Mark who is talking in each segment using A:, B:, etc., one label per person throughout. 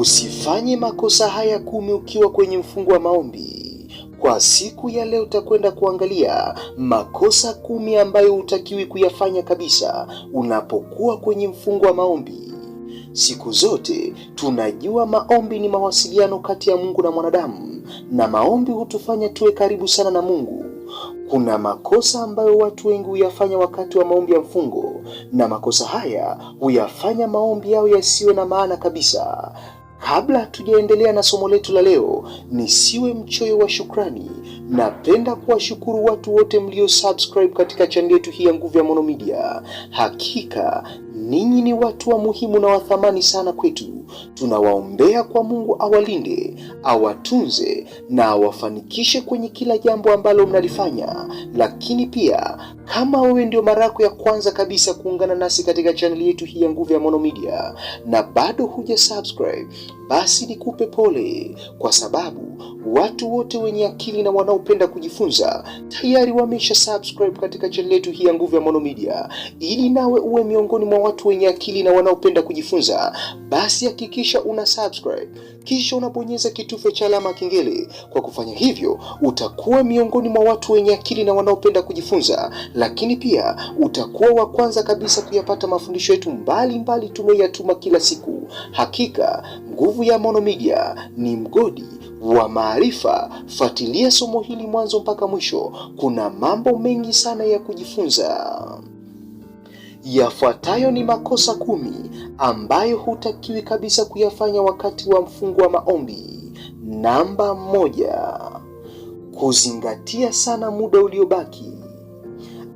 A: Usifanye makosa haya kumi ukiwa kwenye mfungo wa maombi. Kwa siku ya leo utakwenda kuangalia makosa kumi ambayo hutakiwi kuyafanya kabisa unapokuwa kwenye mfungo wa maombi. Siku zote tunajua maombi ni mawasiliano kati ya Mungu na mwanadamu, na maombi hutufanya tuwe karibu sana na Mungu. Kuna makosa ambayo watu wengi huyafanya wakati wa maombi ya mfungo, na makosa haya huyafanya maombi yao yasiwe na maana kabisa. Kabla tujaendelea na somo letu la leo, nisiwe mchoyo wa shukrani. Napenda kuwashukuru watu wote mlio subscribe katika chaneli yetu hii ya Nguvu ya Maono Media. Hakika ninyi ni watu wa muhimu na wathamani sana kwetu. Tunawaombea kwa Mungu awalinde, awatunze na awafanikishe kwenye kila jambo ambalo mnalifanya. Lakini pia kama wewe ndio mara yako ya kwanza kabisa kuungana nasi katika chaneli yetu hii ya Nguvu ya Maono Media na bado huja subscribe, basi nikupe pole kwa sababu Watu wote wenye akili na wanaopenda kujifunza tayari wamesha subscribe katika channel yetu hii ya Nguvu ya Maono Media. Ili nawe uwe miongoni mwa watu wenye akili na wanaopenda kujifunza, basi hakikisha una subscribe kisha unabonyeza kitufe cha alama kengele. Kwa kufanya hivyo, utakuwa miongoni mwa watu wenye akili na wanaopenda kujifunza, lakini pia utakuwa wa kwanza kabisa kuyapata mafundisho yetu mbalimbali tumeyatuma kila siku. Hakika Nguvu ya Maono Media ni mgodi wa maarifa. Fuatilia somo hili mwanzo mpaka mwisho, kuna mambo mengi sana ya kujifunza. Yafuatayo ni makosa kumi ambayo hutakiwi kabisa kuyafanya wakati wa mfungo wa maombi. Namba moja, kuzingatia sana muda uliobaki.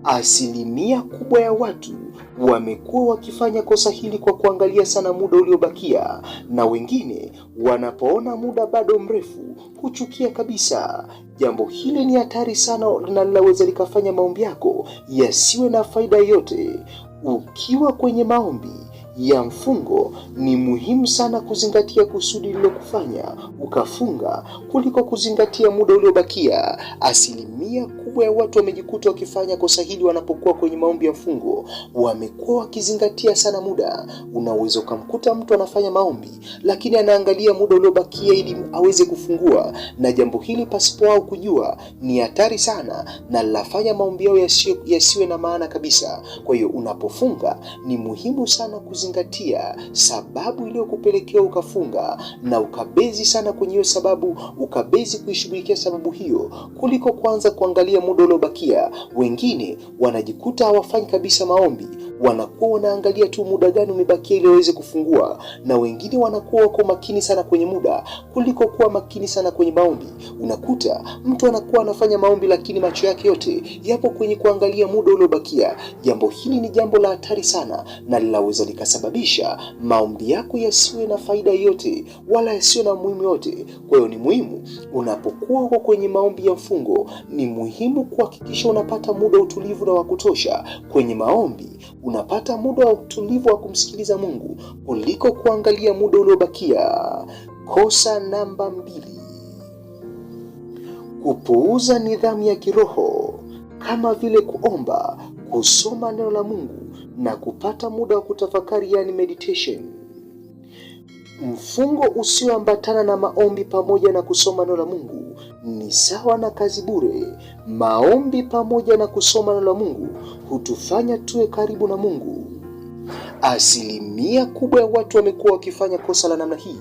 A: Asilimia kubwa ya watu wamekuwa wakifanya kosa hili kwa kuangalia sana muda uliobakia, na wengine wanapoona muda bado mrefu huchukia kabisa. Jambo hili ni hatari sana na linaweza likafanya maombi yako yasiwe na faida yote Ukiwa kwenye maombi ya mfungo ni muhimu sana kuzingatia kusudi lilokufanya ukafunga kuliko kuzingatia muda uliobakia. Asilimia kubwa ya watu wamejikuta wakifanya kosa hili wanapokuwa kwenye maombi ya mfungo, wamekuwa wakizingatia sana muda. Unaweza ukamkuta mtu anafanya maombi, lakini anaangalia muda uliobakia ili aweze kufungua, na jambo hili pasipo wao kujua ni hatari sana, na linafanya maombi yao yasiwe na maana kabisa. Kwa hiyo unapofunga ni muhimu sana kuzingatia kuzingatia sababu iliyokupelekea ukafunga, na ukabezi sana kwenye hiyo sababu, ukabezi kuishughulikia sababu hiyo kuliko kwanza kuangalia muda uliobakia. Wengine wanajikuta hawafanyi kabisa maombi, wanakuwa wanaangalia tu muda gani umebakia ili waweze kufungua, na wengine wanakuwa wako makini sana kwenye muda kuliko kuwa makini sana kwenye maombi. Unakuta mtu anakuwa anafanya maombi, lakini macho yake yote yapo kwenye kuangalia muda uliobakia. Jambo hili ni jambo la hatari sana na linaweza yanasababisha maombi yako yasiwe na faida yote wala yasiwe na muhimu yote. Kwa hiyo ni muhimu unapokuwa uko kwenye maombi ya mfungo, ni muhimu kuhakikisha unapata muda utulivu na wa kutosha kwenye maombi. Unapata muda wa utulivu wa kumsikiliza Mungu kuliko kuangalia muda uliobakia. Kosa namba mbili, kupuuza nidhamu ya kiroho kama vile kuomba, kusoma neno la Mungu na kupata muda wa kutafakari, yani meditation. Mfungo usioambatana na maombi pamoja na kusoma neno la Mungu ni sawa na kazi bure. Maombi pamoja na kusoma neno la Mungu hutufanya tuwe karibu na Mungu Asilimia kubwa ya watu wamekuwa wakifanya kosa la namna hii.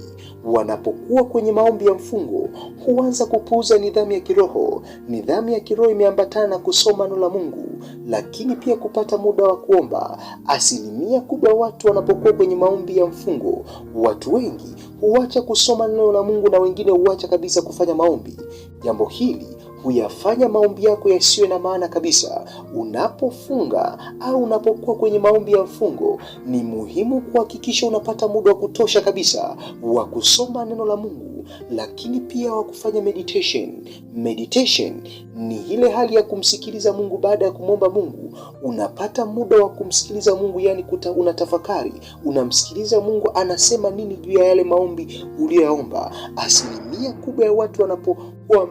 A: Wanapokuwa kwenye maombi ya mfungo, huanza kupuuza nidhamu ya kiroho. Nidhamu ya kiroho imeambatana na kusoma neno la Mungu, lakini pia kupata muda wa kuomba. Asilimia kubwa ya watu wanapokuwa kwenye maombi ya mfungo, watu wengi huacha kusoma neno la Mungu na wengine huacha kabisa kufanya maombi. Jambo hili huyafanya maombi yako yasiwe na maana kabisa. Unapofunga au unapokuwa kwenye maombi ya mfungo, ni muhimu kuhakikisha unapata muda wa kutosha kabisa wa kusoma neno la Mungu, lakini pia wa kufanya meditation. Meditation ni ile hali ya kumsikiliza Mungu baada ya kumwomba Mungu. Unapata muda wa kumsikiliza Mungu, yani kuta, unatafakari, unamsikiliza Mungu anasema nini juu ya yale maombi uliyoyaomba. Asilimia kubwa ya watu wanapo kuwa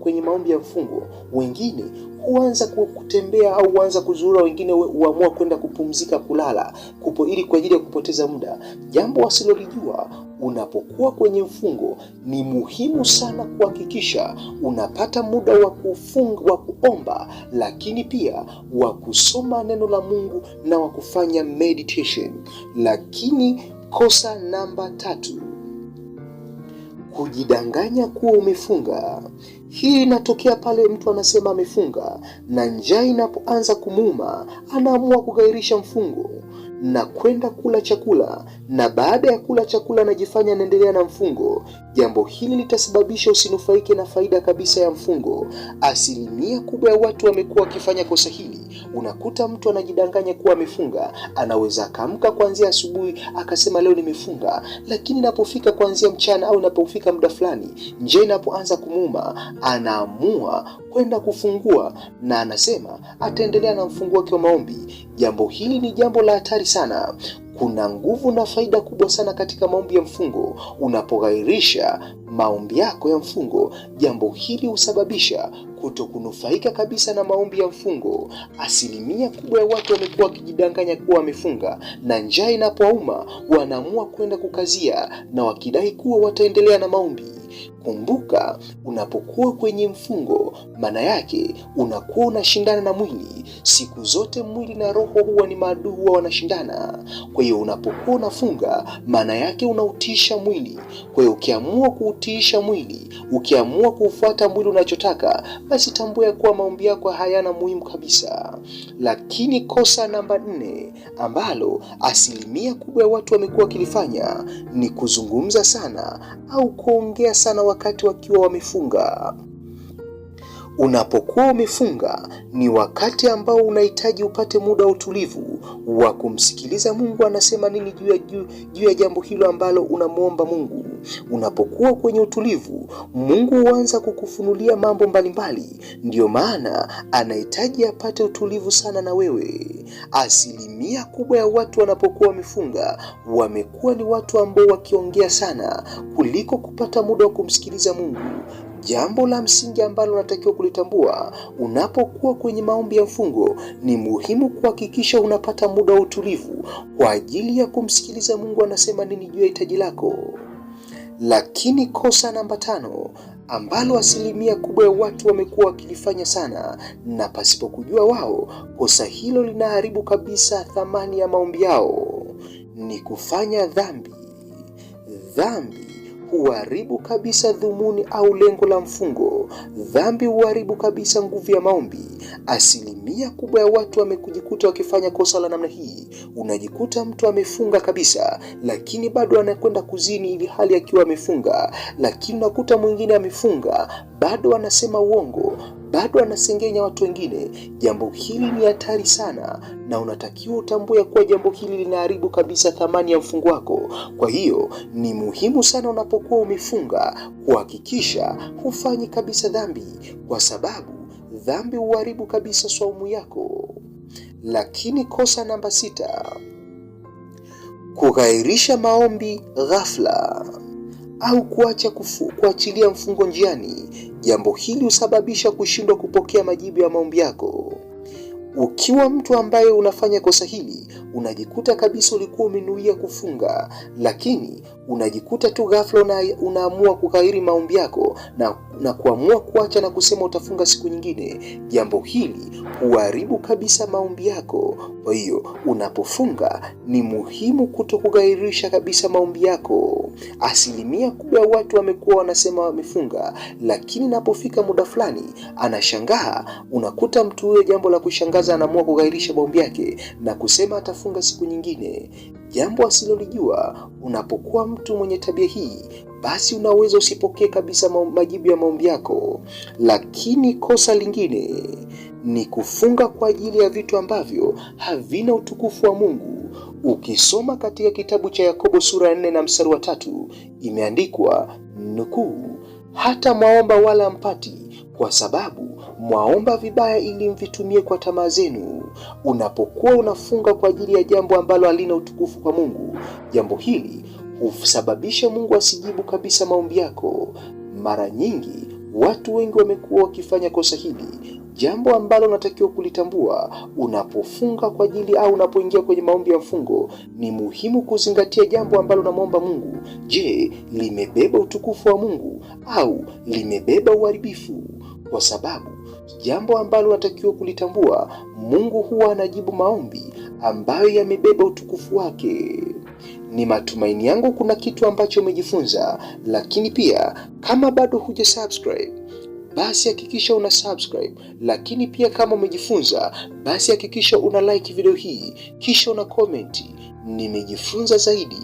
A: kwenye maombi ya mfungo. Wengine huanza kutembea au huanza kuzurura, wengine huamua kwenda kupumzika, kulala kupo, ili kwa ajili ya kupoteza muda. Jambo wasilolijua, unapokuwa kwenye mfungo ni muhimu sana kuhakikisha unapata muda wa kufunga, wa kuomba, lakini pia wa kusoma neno la Mungu na wa kufanya meditation. Lakini kosa namba tatu kujidanganya kuwa umefunga. Hii inatokea pale mtu anasema amefunga na njaa inapoanza kumuuma, anaamua kugairisha mfungo na kwenda kula chakula, na baada ya kula chakula anajifanya anaendelea na mfungo. Jambo hili litasababisha usinufaike na faida kabisa ya mfungo. Asilimia kubwa ya watu wamekuwa wakifanya kosa hili Unakuta mtu anajidanganya kuwa amefunga, anaweza akaamka kuanzia asubuhi akasema leo nimefunga, lakini inapofika kuanzia mchana au inapofika muda fulani, nje inapoanza kumuuma, anaamua kwenda kufungua na anasema ataendelea na mfungo wake wa maombi. Jambo hili ni jambo la hatari sana kuna nguvu na faida kubwa sana katika maombi ya mfungo. Unapoghairisha maombi yako ya mfungo, jambo hili husababisha kutokunufaika kabisa na maombi ya mfungo. Asilimia kubwa ya watu wamekuwa wakijidanganya kuwa wamefunga, na njaa inapowauma wanaamua kwenda kukazia na wakidai kuwa wataendelea na maombi. Kumbuka, unapokuwa kwenye mfungo, maana yake unakuwa unashindana na mwili Siku zote mwili na roho huwa ni maadui, huwa wanashindana. Kwa hiyo unapokuwa unafunga, maana yake unautisha mwili. Kwa hiyo ukiamua kuutiisha mwili, ukiamua kuufuata mwili unachotaka, basi tambua ya kuwa maombi yako hayana muhimu kabisa. Lakini kosa namba nne ambalo asilimia kubwa ya watu wamekuwa wakilifanya ni kuzungumza sana au kuongea sana wakati wakiwa wamefunga. Unapokuwa umefunga ni wakati ambao unahitaji upate muda wa utulivu wa kumsikiliza Mungu anasema nini juu ya juu ya jambo hilo ambalo unamwomba Mungu. Unapokuwa kwenye utulivu, Mungu huanza kukufunulia mambo mbalimbali. Ndiyo maana anahitaji apate utulivu sana na wewe. Asilimia kubwa ya watu wanapokuwa wamefunga wamekuwa ni watu ambao wakiongea sana kuliko kupata muda wa kumsikiliza Mungu. Jambo la msingi ambalo unatakiwa kulitambua unapokuwa kwenye maombi ya mfungo ni muhimu kuhakikisha unapata muda wa utulivu kwa ajili ya kumsikiliza Mungu anasema nini juu ya hitaji lako. Lakini kosa namba tano ambalo asilimia kubwa ya watu wamekuwa wakilifanya sana na pasipo kujua wao, kosa hilo linaharibu kabisa thamani ya maombi yao, ni kufanya dhambi. Dhambi huharibu kabisa dhumuni au lengo la mfungo. Dhambi huharibu kabisa nguvu ya maombi. Asilimia kubwa ya watu wamekujikuta wakifanya kosa la namna hii. Unajikuta mtu amefunga kabisa, lakini bado anakwenda kuzini, ili hali akiwa amefunga. Lakini unakuta mwingine amefunga bado anasema uongo bado anasengenya watu wengine. Jambo hili ni hatari sana, na unatakiwa utambue kuwa jambo hili linaharibu kabisa thamani ya mfungo wako. Kwa hiyo ni muhimu sana unapokuwa umefunga kuhakikisha hufanyi kabisa dhambi, kwa sababu dhambi huharibu kabisa swaumu yako. Lakini kosa namba sita, kughairisha maombi ghafla au kuacha kufu, kuachilia mfungo njiani. Jambo hili husababisha kushindwa kupokea majibu ya maombi yako. Ukiwa mtu ambaye unafanya kosa hili, unajikuta kabisa ulikuwa umenuia kufunga, lakini unajikuta tu ghafla una, unaamua kukairi maombi yako na na kuamua kuacha na kusema utafunga siku nyingine, jambo hili huharibu kabisa maombi yako. Kwa hiyo unapofunga ni muhimu kuto kughairisha kabisa maombi yako. Asilimia kubwa ya watu wamekuwa wanasema wamefunga, lakini napofika muda fulani anashangaa. Unakuta mtu huyo, jambo la kushangaza, anaamua kughairisha maombi yake na kusema atafunga siku nyingine, jambo asilolijua. Unapokuwa mtu mwenye tabia hii basi unaweza usipokee kabisa majibu ya maombi yako. Lakini kosa lingine ni kufunga kwa ajili ya vitu ambavyo havina utukufu wa Mungu. Ukisoma katika kitabu cha Yakobo sura ya 4 na mstari wa tatu, imeandikwa nukuu, hata mwaomba wala mpati kwa sababu mwaomba vibaya ili mvitumie kwa tamaa zenu. Unapokuwa unafunga kwa ajili ya jambo ambalo halina utukufu kwa Mungu, jambo hili husababisha Mungu asijibu kabisa maombi yako. Mara nyingi watu wengi wamekuwa wakifanya kosa hili, jambo ambalo unatakiwa kulitambua unapofunga kwa ajili au unapoingia kwenye maombi ya mfungo. Ni muhimu kuzingatia jambo ambalo unamwomba Mungu. Je, limebeba utukufu wa Mungu au limebeba uharibifu? Kwa sababu jambo ambalo unatakiwa kulitambua, Mungu huwa anajibu maombi ambayo yamebeba utukufu wake. Ni matumaini yangu kuna kitu ambacho umejifunza, lakini pia kama bado huja subscribe basi hakikisha una subscribe, lakini pia kama umejifunza, basi hakikisha una like video hii, kisha una comment nimejifunza zaidi.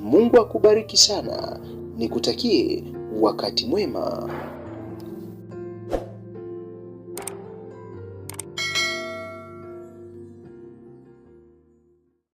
A: Mungu akubariki sana, nikutakie wakati mwema.